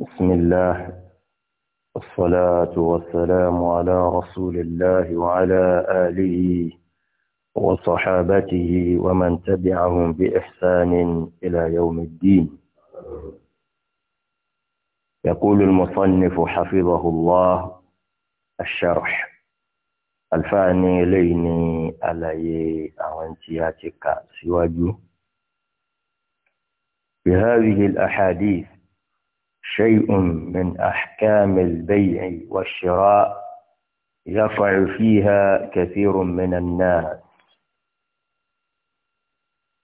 بسم الله والصلاة والسلام على رسول الله وعلى آله وصحابته ومن تبعهم بإحسان إلى يوم الدين يقول المصنف حفظه الله الشرح الفاني ليني علي àlàyé سواجو بهذه الأحاديث شيء من أحكام البيع والشراء يقع فيها كثير من الناس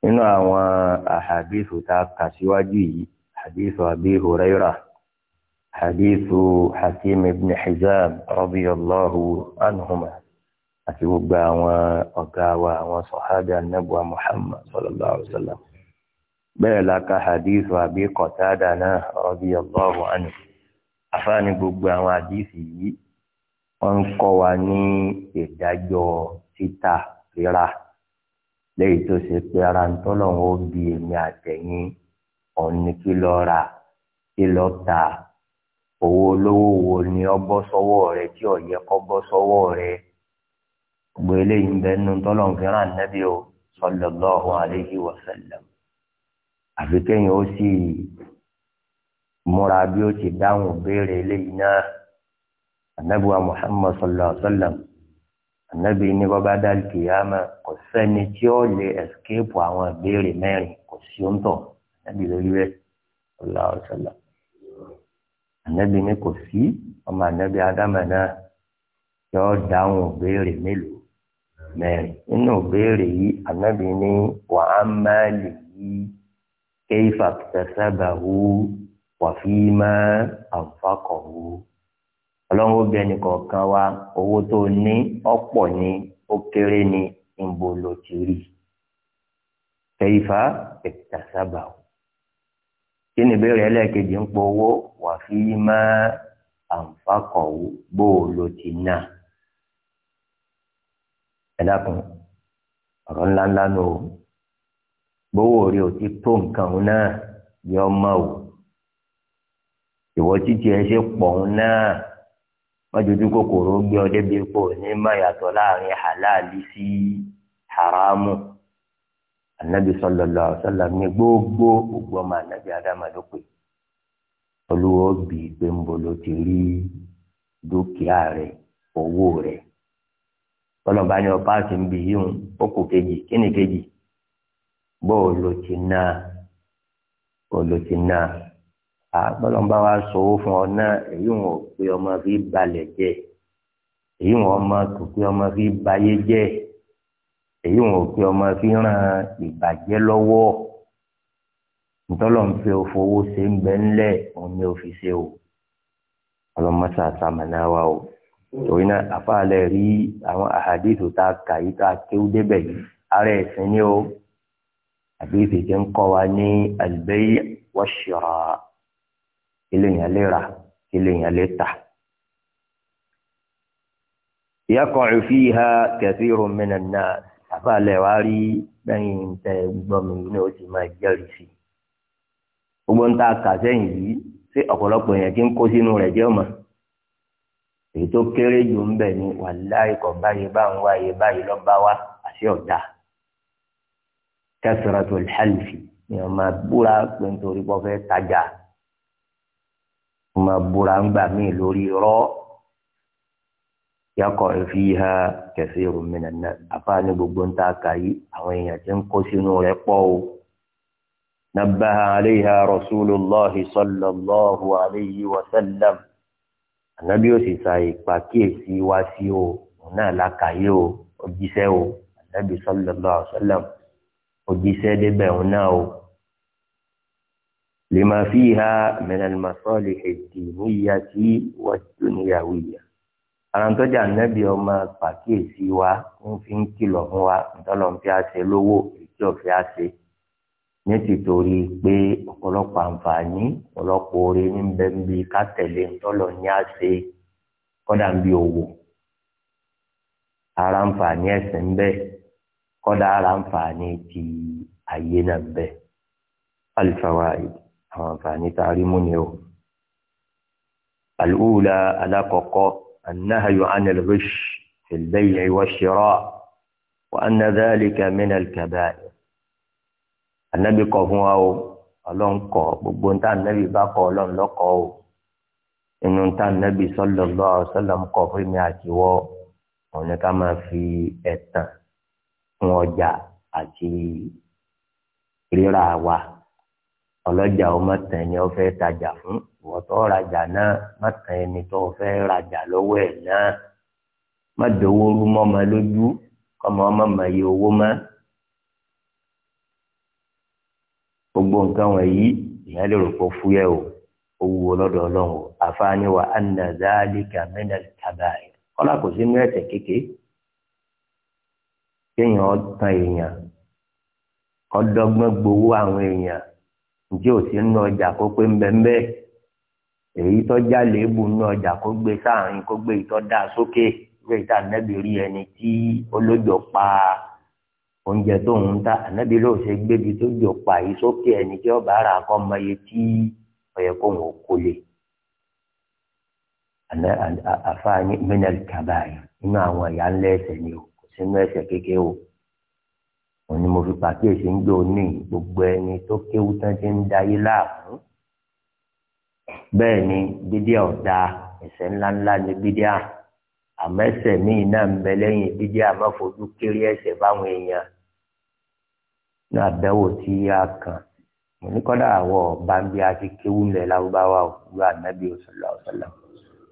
إن أوا أحاديث تابقى سواجي حديث أبي هريرة حديث حكيم بن حزام رضي الله عنهما أتوبا وأقاوى وصحابة النبوة محمد صلى الله عليه وسلم bẹ́ẹ̀ la ka hadith àbí kọ̀tádà náà radiyallahu anhu àfáàní gbogbo àwọn hadith yìí wọ́n ń kọ́ wa ní ìdájọ́ títà rírà lẹ́yìn tó ṣe pé ara ń tọ́lọ̀ bi èmi àtẹ̀yìn ọ̀nì kí lọ rà kí lọ wo ni ọ bọ́ sọ́wọ́ rẹ tí yẹ bọ́ sọ́wọ́ rẹ gbogbo eléyìí ń bẹ́ẹ̀ nu tọ́lọ̀ fi nẹ́bí o àfi kéèyàn ó sì múra bí ó ti dáhùn béèrè eléyìí náà anabi wa muhammad sallallahu alaihi wa sallam anabi ní bàbá dàlùkì yàmà kò sẹ́ni tí ó lè ẹsikéèpù àwọn béèrè mẹ́rin kò sí ó ń tọ anabi lórí rẹ̀ sallallahu alaihi wa sallam anabi ní kò sí ọmọ anabi adama náà tí ó dáhùn béèrè mélòó mẹ́rin nínú béèrè yìí anabi ní wàá lè yí kéfà tẹ̀sẹ̀bàwò wàfíìmá ànfàkọ̀wò ọlọ́run obìnrin ẹnìkọ̀ọ̀kan wa owó tó ní ọ̀pọ̀ ní ó kéré ní ìbò ló ti rí kéfà tẹ̀sẹ̀bàwò kí ni ìbéèrè ẹlẹ́ẹ̀kejì ń pọ owó wàfíìmá ànfàkọ̀wò bó ló ti ná ẹ dákun ọ̀rọ̀ ńláńlá nù bówó rí o ti tó nǹkan òun náà yọ ọmọ o ìwọ títí ẹ ṣe pọ̀ òun náà mọ́jọ́jú kòkòrò gbé ọ débi pò ní mayàtọ̀ láàrin halali sí haramu anabi sallallahu alaihi ní gbogbo gbogbo ọmọ anabi olúwo bí pé ń ti rí dúkìá rẹ owó rẹ ni ń ó kejì kí bó o lò ti náà o lò náà wa sọ̀wọ́ fún ọ náà èyí wọn ọmọ fi balẹ̀ jẹ, èyí wọn ọmọ kò pé ọmọ fi bayé jẹ, èyí wọn ò pé ọmọ fi ràn ìbàjẹ́ lọ́wọ́ ntọ́lọ́mfẹ́ òfowó ṣe ń bẹ ńlẹ̀ ni ṣe o ọlọ́mọṣà wa o rí àwọn tá kà yí tá a kéwú débẹ̀ yìí ara ẹ̀sìn o. àbífi ti ń kọ́ wa ní al-bay' wash-shira' eléyàn lè rà eléyàn lè tà. yaqa'u fiha kathirun minan nas àbá alẹ́ wa rí lẹ́yìn tẹ́ gbọ́ mi ní o sì máa jẹ́rìí sí i. gbogbo ń ta kà yìí sí ọ̀pọ̀lọpọ̀ èèyàn tí ń kó sínú rẹ̀ jẹ́ ọ̀mọ̀. èyí tó kéré jù ń bẹ̀ ni wàláì kọ̀ báyìí báwọn wáyé báyìí lọ́ wa àṣẹ ọ̀dà kasratul halfi èèyàn máa búra pé nítorí pé wọ́n fẹ́ tajà wọ́n máa búra ń gbà míì lórí rọ́ yàkọ̀ fiha kathirun minan nas àfáàní gbogbo ń ta kàyí àwọn èèyàn ti ń kó sínú rẹ̀ pọ̀ o. نبه عليها رسول الله صلى الله عليه وسلم Ànábì ó sì sa ìpàkíyèsí wá sí o òun náà lákàáyé o òjíṣẹ́ o Ànábì sallallahu alaihi wasallam òjíṣẹ́ débẹ̀ òun náà o lima fiha min al-masalih ad-diniyyah wa ad-dunyawiyyah àwọn tó jà nẹ́bí ọmọ pàkíyèsí wa ń fi ń kìlọ̀ fún wa ntọ́lọ́ fi àṣẹ lówó ètò ọ̀fẹ́ àṣẹ ní tìtorí pé ọ̀pọ̀lọpọ̀ àǹfààní ọ̀pọ̀lọpọ̀ oore ní bẹ́ẹ̀nbí ká tẹ̀lé ntọ́lọ́ ní àṣẹ kọ́dà ń bí owó ara àǹfààní ẹ̀sìn bẹ́ẹ̀ kọ́dà ara ń fà ní ti ayé náà bẹ́ẹ̀ alfawaid àwọn àǹfààní tá a rí mú ni o. al'ula alákọ̀ọ́kọ́ annahayu anil rish fil bay'i wa shira' wa anna dhalika min al-kaba'ir. anabi kọ̀ fún wa o ọlọ́run kọ̀ gbogbo ń tà anabi bá kọ̀ ọlọ́run o inú ń tà anabi sallallahu alaihi wasallam kọ̀ fún mi àtiwọ́ òun ni máa fi ẹ̀tàn fún ọjà àti rírà wa ọlọ́jà ọmọ tàn ni ọ fẹ́ tajà fún ìwọ́tọ́ rajà náà má tàn ẹni tó o fẹ́ rajà lọ́wọ́ ẹ̀ náà má dowó rú mọ́ ọmọ lójú kọ́mọ ọmọ mọ̀ iye owó mọ́ gbogbo nǹkan wọ̀nyí ìyẹn lè rò pé fúyẹ́ o owó lọ́dọ̀ ọlọ́run àfáàní wa anna zalika minal kabair kọ́lá kò sínú ẹ̀ṣẹ̀ kékeré. kéèyàn tan èèyàn kọ́dọ́gbọ́n gbowó àwọn èèyàn njẹ́ ò sí nínú ọjà kó pé ńbẹ́ńbẹ́ èyí tó jálè ébù nínú ọjà kó gbé sáàrin kó gbé ìtọ́ dá sókè gbé oúnjẹ tó ta ló ṣe gbébi tó pa yìí sókè ẹni tí ọba ara mọ iye tí ọyẹ kó kó lè sínú ẹsẹ̀ kékeré o òun ni mo fi pàkíyèsí ń gbé òní gbogbo ẹni tó kéwú tán ti ń dayé láàmú bẹ́ẹ̀ ni bídíà ọ̀dà ẹ̀ṣẹ̀ ńláńlá ni bídíà àmọ́ ẹ̀ṣẹ̀ míì náà ń bẹ lẹ́yìn bídíà má fojú kéré ẹ̀ṣẹ̀ báwọn èèyàn ní àbẹ̀wò tí a kàn mo ní kọ́dà àwọ̀ bambi àti kéwú ńlẹ̀ láwùbáwá òkúrú ànábì sallallahu alaihi wasallam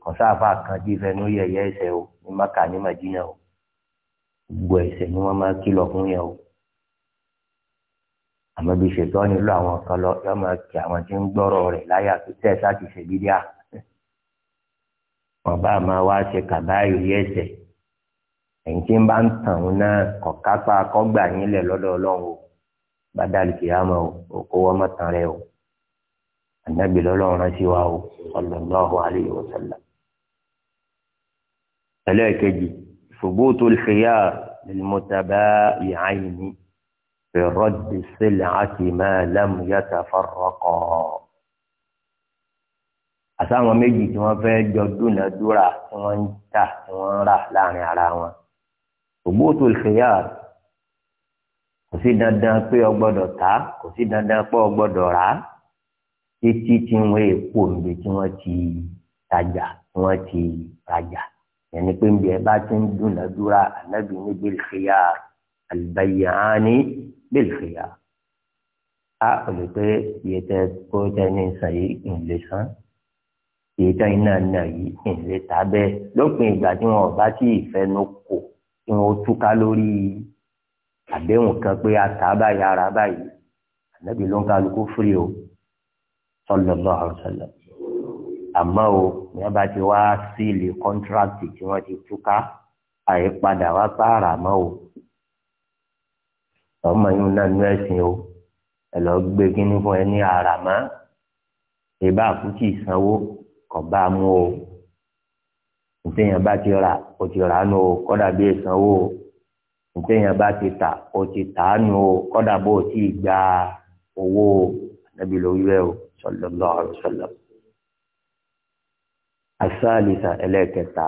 kọ́sáfà kan tí ìfẹ́ ní yẹ̀yẹ́ ẹ̀ṣẹ̀ o ní Mákà ní Mádínà o gbogbo ẹ̀ṣẹ̀ ni wọ́n máa kìlọ̀ fún yẹn o àmọ́ bí ṣètò nílò àwọn kan lọ yọ máa kí àwọn tí ń gbọ́rọ̀ rẹ̀ láyà tó tẹ̀ sáti ṣe bídíà wọn bá máa wá ṣe kàbáyò yí ẹ̀ṣẹ̀ ẹ̀yìn tí ń bá ń tàn ún náà kọ̀kápá kọ́gbà yín lẹ̀ lọ́dọ̀ ọlọ́run o bá dàlùkì àmọ́ o kó wọ́n mọ́ tán rẹ o ànábì lọ́lọ́run rántí wa o sallallahu alaihi wasallam ẹlẹ́ẹ̀kejì. ثبوت الخيار للمتبايعين في رد السلعة ما لم يتفرقا àsáwọn méjì tí wọ́n fẹ́ẹ́ jọ dúnadúrà tí wọ́n ń tà tí wọ́n ń rà láàrin ara wọn ثبوت الخيار kò sí dandan pé o gbọ́dọ̀ tà kò sí dandan pé o gbọ́dọ̀ rà títí tí wọ́n èèpo níbi tí wọ́n ti tajà tí wọ́n ti rajà ẹni pé ń bí ẹ bá ti ń dúnadúrà ànábì ní bílíkìyà àlùbáyàání bílíkìyà á ò lè pé iye tẹ kó tẹ ní ìsàyè ìlè san iye tẹ iná náà yìí ìlè ta bẹ́ẹ̀ lópin ìgbà tí wọn bá tí ì fẹnu kò tí wọn túká lórí àdéhùn kan pé ata báyìí ara báyìí ànábì ló ń kálukú fúri o sallallahu alaihi wasallam àmọ́ o ìyẹn bá ti wá sílì kọ́ńtrákì tí wọ́n ti túká àyípadà wá pààrà mọ́ o ọmọ yìí náà nú ẹ̀sìn o ẹ lọ gbé kínní fún ẹ ní ara ìbá àkútì ìsanwó kò bá a mú o ntẹ̀yìn bá ti rà o ti rà nù o kọ́dà bí ìsanwó o ntẹ̀yìn bá ti tà o ti tà á nù o kọ́dà bó o ti gba owó o nàbí lórí rẹ o sallallahu alaihi wasallam asálìta ẹlẹ́ẹ̀kẹta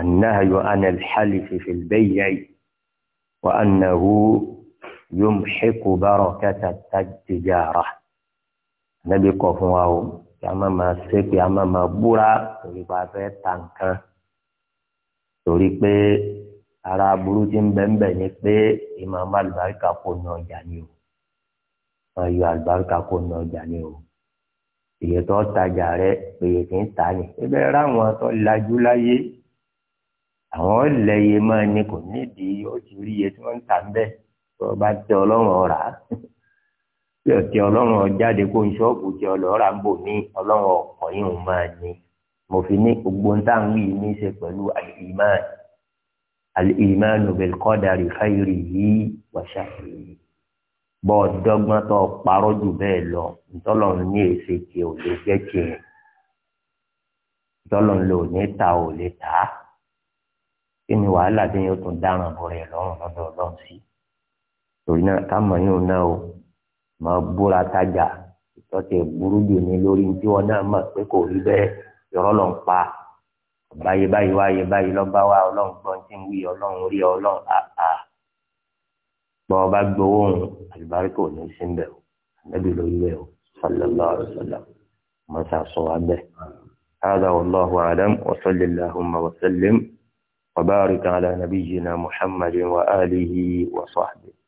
annahayo anel halifi filbeyi wa annahu yumhiku barakata tajara anabi kọ fún wa o kí a máa máa ṣe kí a máa máa búra torí pé a fẹ́ ta nǹkan torí pé ara aburú ti ń bẹ́ńbẹ́ ni pé ìmọ̀ àmọ́ àlùbáríkà kò ní ọjà ni o ayọ̀ àlùbáríkà kò ní ọjà ni o èyí tó tajà rẹ èyí kì í ta ni ebe ráwọn tó lajú láyé àwọn lẹyẹ máa ní kò nídìí ó ti rí iye tí wọn ń tà ń bẹ tó o bá tẹ ọlọ́run ọrà tí o tẹ ọlọ́run ọjáde kó n ṣọọbù tẹ ọlọ́run àbò ní ọlọ́run ọkọ yìí máa ní mo fi ní gbogbo nta ń wí ní í ṣe pẹ̀lú al-iman al-imanu bil qadari khayrihi wa sharrihi bọ́ ọ dọ́gbọ́n tó parọ́ jù bẹ́ẹ̀ lọ ntọ́lọ̀ ní èsì tí ò lè jẹ́ tiẹ̀ ntọ́lọ̀ lò ní ta ò lè ta kí ni wàhálà tí yóò tún dáràn bọ̀ rẹ̀ lọ́rùn lọ́dọ̀ ọlọ́run sí torí náà ká mọ̀ yín náà o mọ̀ búra tájà ìtọ́tẹ̀ burú jù ní lórí tí wọn náà mọ̀ pé kò rí bẹ́ẹ̀ yọ̀rọ̀ lọ́n pa báyìí báyìí wáyé báyìí lọ́ba wa ọlọ́run gbọ́n tí ń wí ọlọ́run rí ọlọ́run á bọ́ ọ bá gbowó òun àlùbáríkà ò ní sí ń bẹ̀ o ànábì ló yẹ o sallallahu alaihi wasallam mọ́ sọ wá bẹ́ẹ̀. هذا والله أعلم وصل اللهم وسلم وبارك على نبينا محمد وآله وصحبه